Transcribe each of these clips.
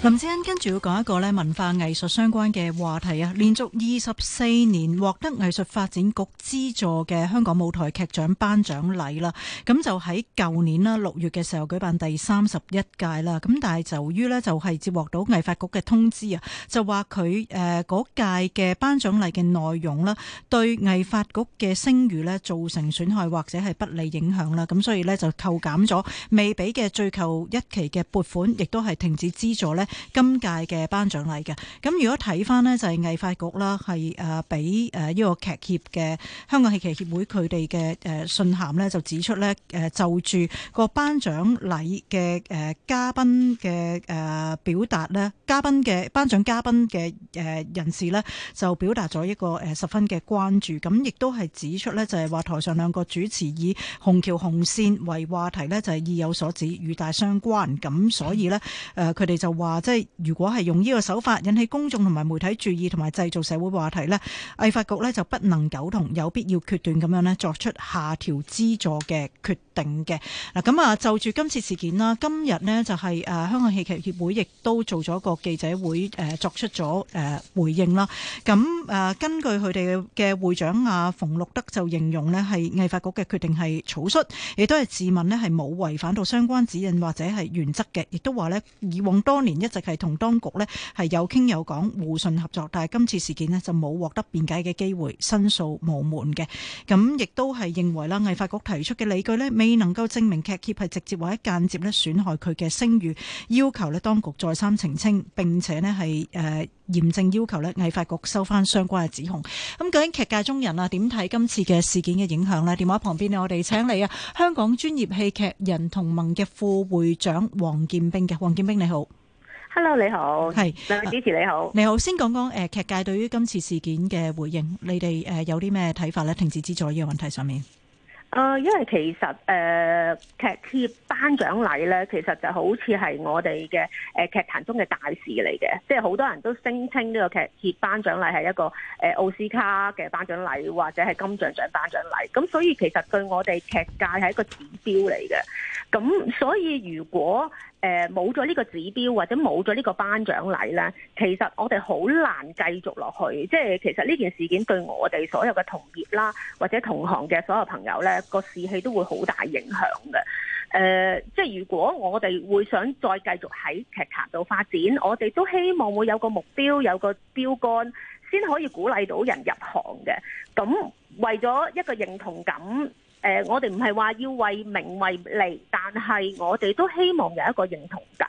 林志恩跟住要講一個咧文化藝術相關嘅話題啊，連續二十四年獲得藝術發展局資助嘅香港舞台劇獎頒獎禮啦，咁就喺舊年啦，六月嘅時候舉辦第三十一屆啦，咁但係就於咧就係接獲到藝發局嘅通知啊，就話佢誒嗰屆嘅頒獎禮嘅內容啦，對藝發局嘅聲譽咧造成損害或者係不利影響啦，咁所以咧就扣減咗未俾嘅最後一期嘅撥款，亦都係停止資助咧。今屆嘅頒獎禮嘅咁，如果睇翻呢，就係、是、藝發局啦，係誒俾誒呢個劇協嘅香港戲劇協會佢哋嘅誒信函呢，就指出呢，誒就住個頒獎禮嘅誒嘉賓嘅誒表達呢，嘉賓嘅頒獎嘉賓嘅誒人士呢，就表達咗一個誒十分嘅關注，咁亦都係指出呢，就係話台上兩個主持以紅橋紅線為話題呢，就係意有所指，語帶相關，咁所以呢，誒佢哋就話。即係如果係用呢個手法引起公眾同埋媒體注意，同埋製造社會話題咧，藝發局咧就不能苟同，有必要決斷咁樣咧作出下調資助嘅決定，定嘅嗱，咁啊就住今次事件啦，今日咧就係誒香港戲劇協會亦都做咗個記者會誒作出咗誒回應啦。咁誒根據佢哋嘅會長阿馮祿德就形容咧，係藝發局嘅決定係草率，亦都係自問咧係冇違反到相關指引或者係原則嘅，亦都話咧以往多年一直係同當局咧係有傾有講互信合作，但係今次事件咧就冇獲得辯解嘅機會、申訴無門嘅。咁亦都係認為啦，藝發局提出嘅理據咧未未能夠證明劇協係直接或者間接咧損害佢嘅聲譽，要求咧當局再三澄清，並且咧係誒嚴正要求咧，藝發局收翻相關嘅指控。咁究竟劇界中人啊點睇今次嘅事件嘅影響咧？電話旁邊咧，我哋請你啊，香港專業戲劇人同盟嘅副會長黃劍冰嘅，黃劍冰你好，Hello 你好，係兩位主持你好，你好。先講講誒劇界對於今次事件嘅回應，你哋誒有啲咩睇法咧？停止資助呢個問題上面。啊、呃，因為其實誒，劇協頒獎禮咧,其實就好似係我哋嘅誒劇壇中嘅大事嚟嘅，即係好多人都聲稱呢個劇協頒獎禮係一個誒奧斯卡嘅頒獎禮，或者係金像獎頒獎禮，咁所以其實對我哋劇界係一個指標嚟嘅。咁所以如果誒冇咗呢個指標或者冇咗呢個頒獎禮咧，其實我哋好難繼續落去。即係其實呢件事件對我哋所有嘅同業啦，或者同行嘅所有朋友咧，個士氣都會好大影響嘅。誒、呃、即係如果我哋會想再繼續喺劇場度發展，我哋都希望會有個目標，有個標桿先可以鼓勵到人入行嘅。咁為咗一個認同感。誒、呃，我哋唔係話要為名為利，但係我哋都希望有一個認同感。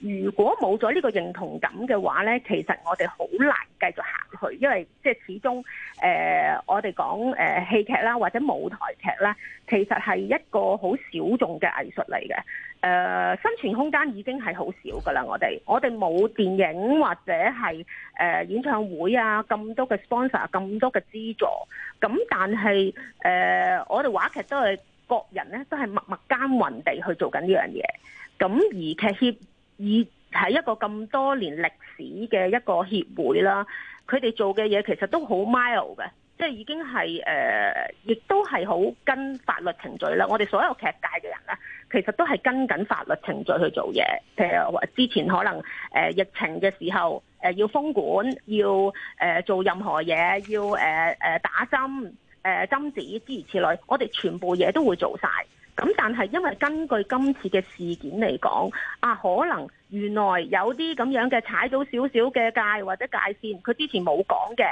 如果冇咗呢個認同感嘅話呢，其實我哋好難繼續行去，因為即係始終誒、呃，我哋講誒戲劇啦，或者舞台劇啦，其實係一個好小眾嘅藝術嚟嘅。誒、呃、生存空間已經係好少㗎啦！我哋我哋冇電影或者係誒、呃、演唱會啊，咁多嘅 sponsor 咁多嘅資助，咁但係誒、呃、我哋話劇都係各人咧，都係默默耕耘地去做緊呢樣嘢。咁而劇協已係一個咁多年歷史嘅一個協會啦，佢哋做嘅嘢其實都好 mild 嘅，即、就、係、是、已經係誒亦都係好跟法律程序啦。我哋所有劇界嘅人咧，其實都係跟緊法律程序去做嘢，譬如話之前可能疫情嘅時候要封管，要做任何嘢，要打針、針子，諸如此類，我哋全部嘢都會做晒。咁但係因為根據今次嘅事件嚟講，啊可能原來有啲咁樣嘅踩到少少嘅界或者界線，佢之前冇講嘅，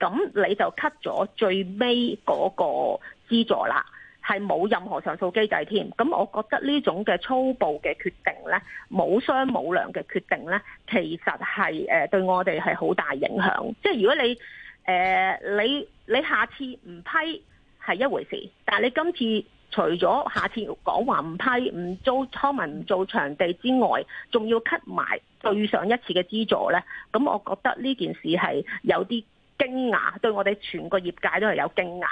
咁你就 cut 咗最尾嗰個資助啦。係冇任何上訴機制添。咁我覺得呢種嘅粗暴嘅決定呢，冇商冇量嘅決定呢，其實係對我哋係好大影響。即係如果你誒、呃、你你下次唔批係一回事，但係你今次除咗下次講話唔批唔租湯文唔做場地之外，仲要 cut 埋對上一次嘅資助呢，咁我覺得呢件事係有啲驚訝，對我哋全個業界都係有驚訝㗎。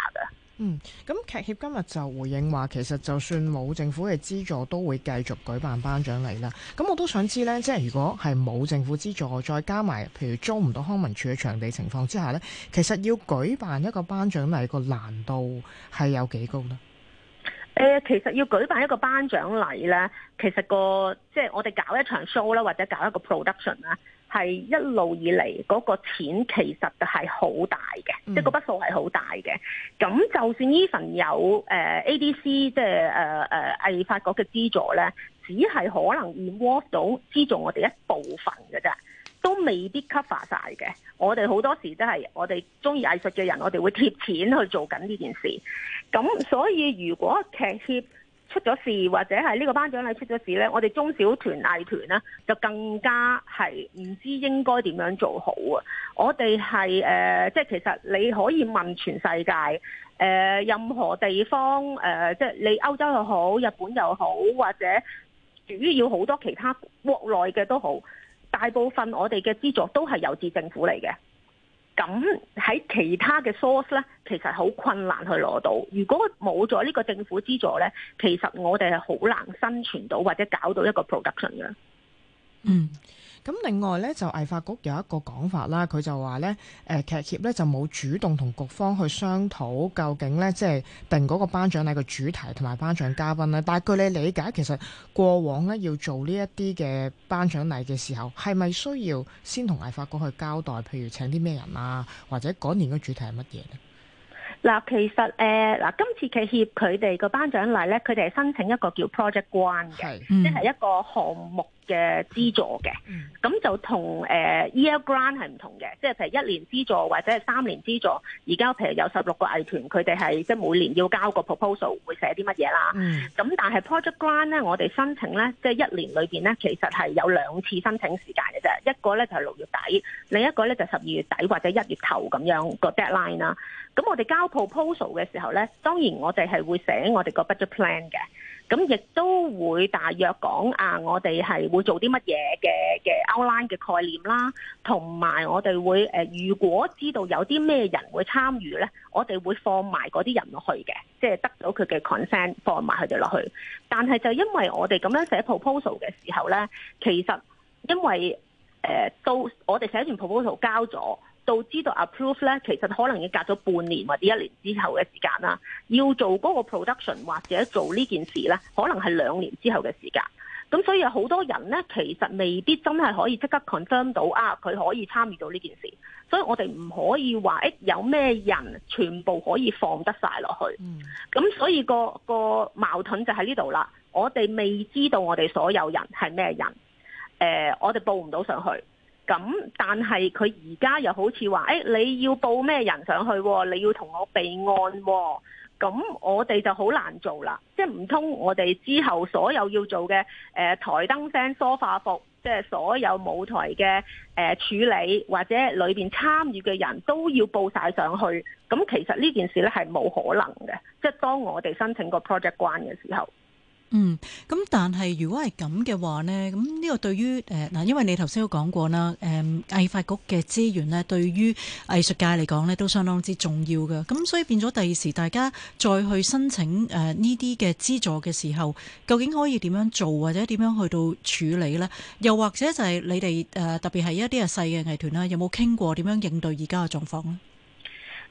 嗯，咁劇協今日就回應話，其實就算冇政府嘅資助，都會繼續舉辦頒獎禮啦。咁我都想知呢，即係如果係冇政府資助，再加埋譬如租唔到康文署嘅場地情況之下呢，其實要舉辦一個頒獎禮個難度係有幾高呢？誒、呃，其實要舉辦一個頒獎禮呢，其實個即係我哋搞一場 show 啦，或者搞一個 production 啦。係一路以嚟嗰個錢其實係好大嘅、嗯，即係嗰筆數係好大嘅。咁就算 e 依 n 有誒 ADC 即係誒誒藝發局嘅資助咧，只係可能 cover 到資助我哋一部分嘅啫，都未必 cover 晒嘅。我哋好多時都係我哋中意藝術嘅人，我哋會貼錢去做緊呢件事。咁所以如果劇協，出咗事或者係呢個頒獎禮出咗事咧，我哋中小團藝團咧就更加係唔知應該點樣做好啊！我哋係誒即係其實你可以問全世界誒、呃、任何地方誒、呃、即係你歐洲又好，日本又好，或者主要好多其他國內嘅都好，大部分我哋嘅資助都係由自政府嚟嘅。咁喺其他嘅 source 咧，其實好困難去攞到。如果冇咗呢個政府資助咧，其實我哋係好難生存到，或者搞到一個 production 嘅。嗯，咁另外咧就藝發局有一個講法啦，佢就話咧，誒劇協咧就冇主動同局方去商討究竟咧，即係定嗰個頒獎禮嘅主題同埋頒獎嘉賓咧。但係據你理解，其實過往咧要做呢一啲嘅頒獎禮嘅時候，係咪需要先同藝發局去交代，譬如請啲咩人啊，或者嗰年嘅主題係乜嘢咧？嗱，其實誒，嗱、呃，今次劇協佢哋個頒獎禮咧，佢哋係申請一個叫 Project One 嘅、嗯，即係一個項目。嘅資助嘅，咁就、呃、同誒 Year Grant 係唔同嘅，即係譬如一年資助或者係三年資助。而家譬如有十六個藝團，佢哋係即係每年要交個 proposal，會寫啲乜嘢啦。咁、mm. 但係 Project Grant 咧，我哋申請咧，即係一年裏面咧，其實係有兩次申請時間嘅啫。一個咧就係、是、六月底，另一個咧就十、是、二月底或者一月頭咁樣、那個 deadline 啦。咁我哋交 proposal 嘅時候咧，當然我哋係會寫我哋個 budget plan 嘅。咁亦都會大約講啊，我哋係會做啲乜嘢嘅嘅 outline 嘅概念啦，同埋我哋會、呃、如果知道有啲咩人會參與咧，我哋會放埋嗰啲人落去嘅，即係得到佢嘅 consent，放埋佢哋落去。但係就因為我哋咁樣寫 proposal 嘅時候咧，其實因為誒、呃、到我哋寫完 proposal 交咗。到知道 approve 咧，其實可能已經隔咗半年或者一年之後嘅時間啦。要做嗰個 production 或者做呢件事咧，可能係兩年之後嘅時間，咁所以有好多人咧，其實未必真係可以即刻 confirm 到啊，佢可以參與到呢件事。所以我哋唔可以話誒、欸、有咩人全部可以放得晒落去。咁所以個個矛盾就喺呢度啦。我哋未知道我哋所有人係咩人，誒、呃，我哋報唔到上去。咁，但係佢而家又好似話，誒、哎，你要報咩人上去啊？你要同我備案啊。咁我哋就好難做啦。即係唔通我哋之後所有要做嘅誒台燈聲梳化服，即係所有舞台嘅誒處理，或者裏邊參與嘅人都要報晒上去。咁其實呢件事呢係冇可能嘅。即係當我哋申請個 project 關嘅時候。嗯，咁但係如果係咁嘅話咧，咁、這、呢個對於誒嗱、呃，因為你頭先都講過啦，誒、呃，藝發局嘅資源咧，對於藝術界嚟講咧，都相當之重要嘅。咁、嗯、所以變咗第二時，大家再去申請誒呢啲嘅資助嘅時候，究竟可以點樣做，或者點樣去到處理咧？又或者就係你哋誒、呃、特別係一啲啊細嘅藝團啦，有冇傾過點樣應對而家嘅狀況咧？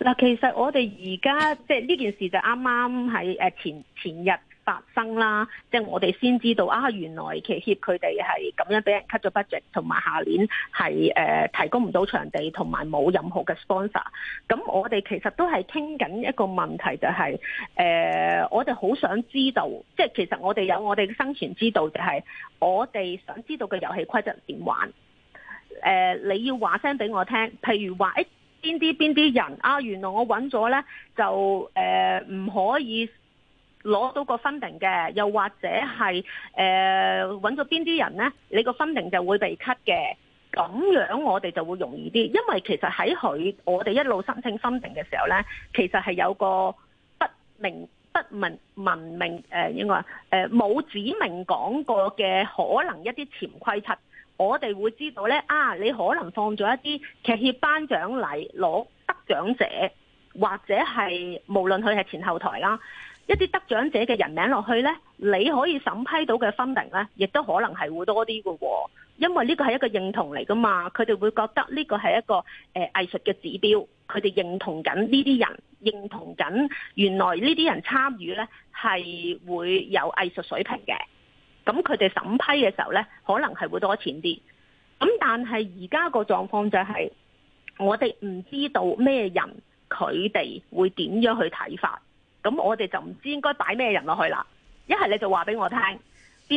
嗱，其實我哋而家即係呢件事就啱啱喺誒前前日發生啦，即係我哋先知道啊，原來劇協佢哋係咁樣俾人 cut 咗 budget，同埋下年係誒、呃、提供唔到場地，同埋冇任何嘅 sponsor。咁我哋其實都係傾緊一個問題，就是，就係誒，我哋好想知道，即係其實我哋有我哋嘅生存之道，就是，就係我哋想知道嘅遊戲規則點玩。誒、呃，你要話聲俾我聽，譬如話誒邊啲邊啲人啊，原來我揾咗咧，就誒唔、呃、可以。攞到個分 i 嘅，又或者係誒揾咗邊啲人呢？你個分 i 就會被 cut 嘅。咁樣我哋就會容易啲，因為其實喺佢我哋一路申請分 i 嘅時候呢，其實係有個不明不明文明誒、呃，應該話冇、呃、指明講過嘅可能一啲潛規則，我哋會知道呢：啊！你可能放咗一啲劇協頒獎禮攞得獎者，或者係無論佢係前後台啦。一啲得獎者嘅人名落去呢，你可以審批到嘅 funding 呢，亦都可能係會多啲噶、哦，因為呢個係一個認同嚟噶嘛，佢哋會覺得呢個係一個誒藝術嘅指標，佢哋認同緊呢啲人，認同緊原來這些參與呢啲人參與呢係會有藝術水平嘅，咁佢哋審批嘅時候呢，可能係會多錢啲。咁但係而家個狀況就係、是，我哋唔知道咩人佢哋會點樣去睇法。咁我哋就唔知應該擺咩人落去啦。一係你就話俾我聽，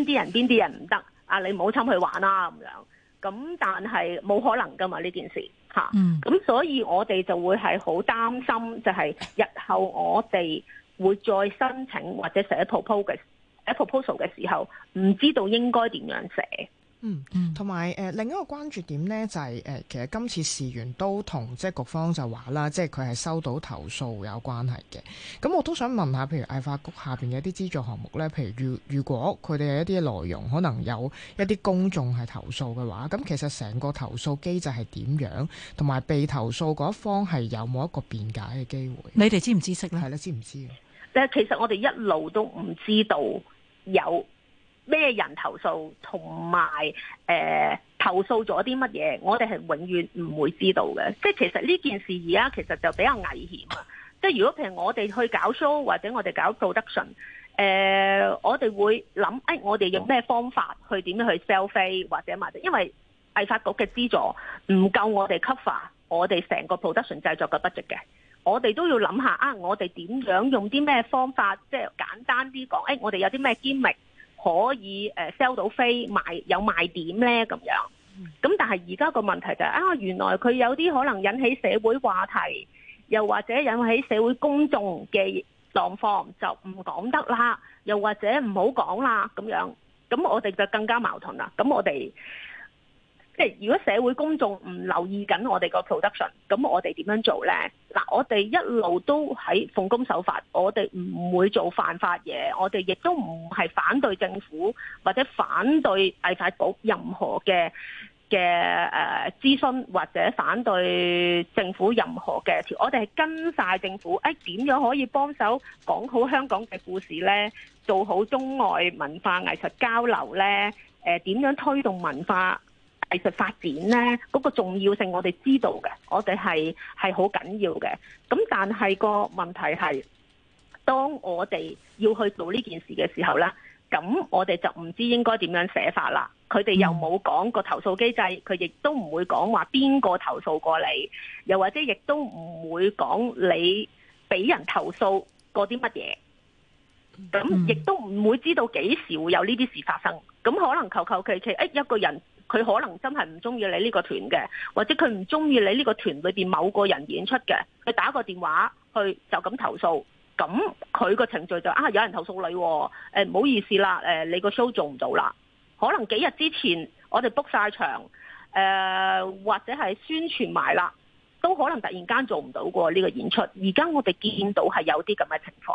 邊啲人，邊啲人唔得，啊你唔好侵去玩啦、啊、咁樣。咁但係冇可能噶嘛呢件事吓。咁、嗯、所以我哋就會係好擔心，就係日後我哋會再申請或者寫一 p proposal 嘅時候，唔知道應該點樣寫。嗯，嗯，同埋、呃、另一個關注點咧，就係、是呃、其實今次事源都同即係局方就話啦，即係佢係收到投訴有關係嘅。咁我都想問下，譬如藝發局下面嘅一啲資助項目咧，譬如如如果佢哋有一啲內容可能有一啲公眾係投訴嘅話，咁其實成個投訴機制係點樣？同埋被投訴嗰一方係有冇一個辯解嘅機會？你哋知唔知識咧？係啦，知唔知？係其實我哋一路都唔知道有。咩人投訴，同埋誒投訴咗啲乜嘢，我哋係永遠唔會知道嘅。即係其實呢件事而家其實就比較危險啊！即係如果譬如我哋去搞 show 或者我哋搞 production，誒、呃、我哋會諗誒、哎、我哋用咩方法去點樣去 sell 飛或者賣，因為藝發局嘅資助唔夠我哋 cover 我哋成個 production 製作嘅 b 值嘅，我哋都要諗下啊！我哋點樣用啲咩方法，即係簡單啲講誒，我哋有啲咩堅密。可以誒 sell 到飛賣有賣點呢？咁樣，咁但係而家個問題就係啊，原來佢有啲可能引起社會話題，又或者引起社會公眾嘅狀況就唔講得啦，又或者唔好講啦咁樣，咁我哋就更加矛盾啦。咁我哋。即係如果社會公眾唔留意緊我哋個 production，咁我哋點樣做呢？嗱，我哋一路都喺奉公守法，我哋唔會做犯法嘢，我哋亦都唔係反對政府或者反對藝發局任何嘅嘅誒諮詢，或者反對政府任何嘅條，我哋係跟晒政府。誒、哎、點樣可以幫手講好香港嘅故事呢？做好中外文化藝術交流呢？誒、呃、點樣推動文化？其術發展咧嗰、那個重要性我知道的，我哋知道嘅，我哋係係好緊要嘅。咁但係個問題係，當我哋要去做呢件事嘅時候啦，咁我哋就唔知應該點樣寫法啦。佢哋又冇講個投訴機制，佢亦都唔會講話邊個投訴過你，又或者亦都唔會講你俾人投訴過啲乜嘢，咁亦都唔會知道幾時會有呢啲事發生。咁可能求求其其，誒，一個人。佢可能真係唔中意你呢個團嘅，或者佢唔中意你呢個團裏邊某個人演出嘅，佢打個電話去就咁投訴，咁佢個程序就是、啊有人投訴你、哦,誒、欸、唔好意思啦,誒、欸、你個 show 做唔到啦，可能幾日之前我哋 book 晒場,誒、呃、或者係宣傳埋啦，都可能突然間做唔到過呢個演出，而家我哋見到係有啲咁嘅情況。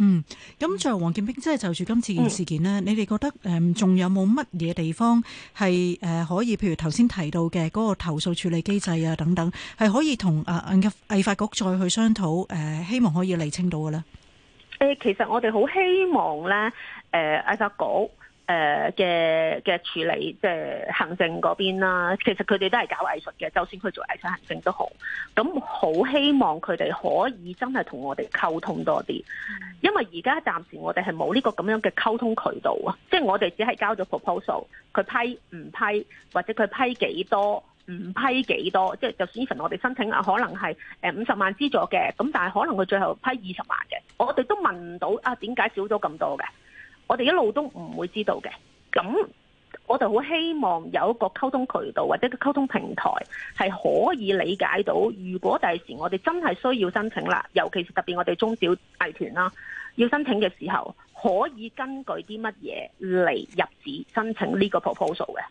嗯，咁最後黃劍冰，即係就住今次件事件啦、嗯。你哋覺得誒仲有冇乜嘢地方係可以，譬如頭先提到嘅嗰個投訴處理機制啊等等，係可以同啊藝發局再去商討、啊、希望可以釐清到嘅咧。其實我哋好希望咧，誒、呃、藝發局。誒嘅嘅處理即係、就是、行政嗰邊啦，其實佢哋都係搞藝術嘅，就算佢做藝術行政都好。咁好希望佢哋可以真係同我哋溝通多啲，因為而家暫時我哋係冇呢個咁樣嘅溝通渠道啊，即、就、係、是、我哋只係交咗 proposal，佢批唔批或者佢批幾多，唔批幾多，即、就、係、是、就算呢份我哋申請可能係誒五十萬資助嘅，咁但係可能佢最後批二十萬嘅，我哋都問唔到啊點解少咗咁多嘅？我哋一路都唔會知道嘅，咁我就好希望有一個溝通渠道或者個溝通平台係可以理解到，如果第時我哋真係需要申請啦，尤其是特別我哋中小藝團啦，要申請嘅時候，可以根據啲乜嘢嚟入紙申請呢個 proposal 嘅。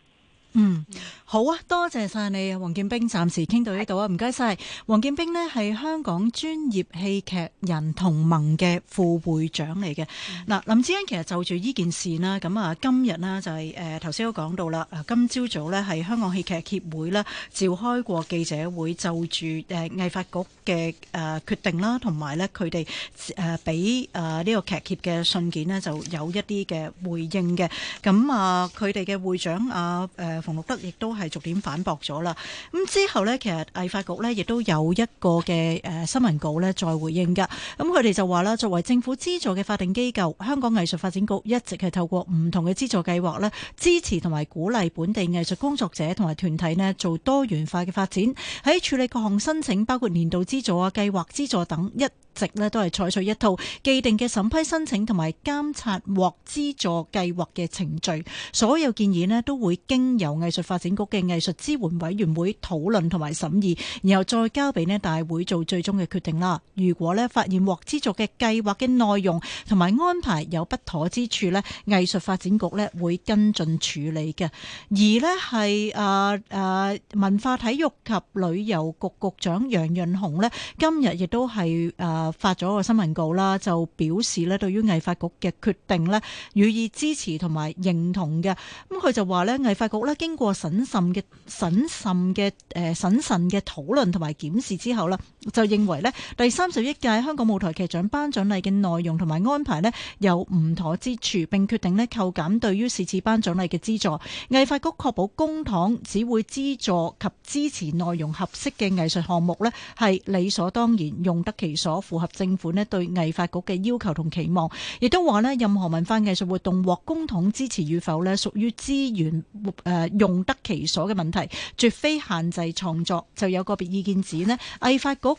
嗯，好啊，多謝晒你，啊。黃劍冰，暫時傾到呢度啊，唔該晒。黃劍冰咧係香港專業戲劇人同盟嘅副會長嚟嘅。嗱、嗯，林子欣其實就住呢件事啦，咁啊，今日咧就係誒頭先都講到啦，誒今朝早咧係香港戲劇協會啦，召開過記者會，就住誒藝發局嘅誒決定啦，同埋咧佢哋誒俾誒呢個劇協嘅信件咧就有一啲嘅回應嘅。咁啊，佢哋嘅會長啊誒。同樂德亦都係逐點反駁咗啦，咁之後呢，其實藝發局呢亦都有一個嘅誒新聞稿呢再回應嘅，咁佢哋就話啦，作為政府資助嘅法定機構，香港藝術發展局一直係透過唔同嘅資助計劃咧，支持同埋鼓勵本地藝術工作者同埋團體呢做多元化嘅發展，喺處理各項申請，包括年度資助啊、計劃資助等一值呢都係採取一套既定嘅審批申請同埋監察獲資助計劃嘅程序，所有建議呢都會經由藝術發展局嘅藝術支援委員會討論同埋審議，然後再交俾呢大會做最終嘅決定啦。如果呢發現獲資助嘅計劃嘅內容同埋安排有不妥之處呢，藝術發展局呢會跟進處理嘅。而呢係啊、啊文化體育及旅遊局局長楊潤雄呢今日亦都係啊。發咗個新聞稿啦，就表示咧對於藝發局嘅決定咧，予以支持同埋認同嘅。咁佢就話咧，藝發局咧經過審慎嘅審慎嘅誒審慎嘅討論同埋檢視之後啦，就認為咧第三十一屆香港舞台劇獎頒獎禮嘅內容同埋安排咧有唔妥之處，並決定咧扣減對於此次頒獎禮嘅資助。藝發局確保公帑只會資助及支持內容合適嘅藝術項目咧，係理所當然，用得其所。符合政府咧對藝發局嘅要求同期望，亦都話咧任何文化藝術活動獲公帑支持與否咧，屬於資源誒用得其所嘅問題，絕非限制創作。就有個別意見指咧，藝發局誒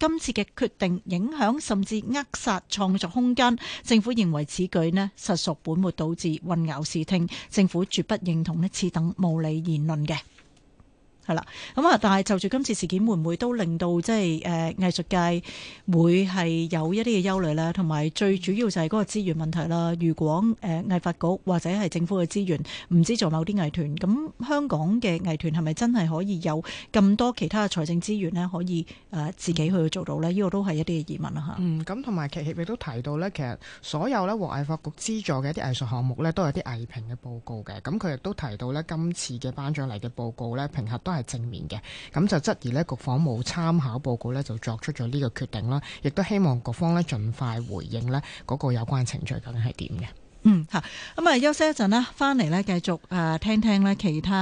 今次嘅決定影響甚至扼殺創作空間。政府認為此舉咧實屬本末倒置、混淆視聽。政府絕不認同呢此等無理言論嘅。係啦，咁啊，但係就住今次事件，會唔會都令到即係誒藝術界會係有一啲嘅憂慮呢？同埋最主要就係嗰個資源問題啦。如果誒、呃、藝發局或者係政府嘅資源唔資助某啲藝團，咁香港嘅藝團係咪真係可以有咁多其他嘅財政資源呢？可以誒、呃、自己去做到呢？呢、呢個都係一啲嘅疑問啦、啊、嚇。嗯，咁同埋其祁亦都提到呢，其實所有呢和藝發局資助嘅一啲藝術項目呢，都有啲藝評嘅報告嘅。咁佢亦都提到呢，今次嘅頒獎禮嘅報告呢，評核都係。係正面嘅，咁就質疑呢，局方冇參考報告呢，就作出咗呢個決定啦。亦都希望各方呢盡快回應呢個有關程序究竟係點嘅。嗯，吓，咁啊，休息一陣啦，翻嚟呢繼續啊，聽聽呢其他。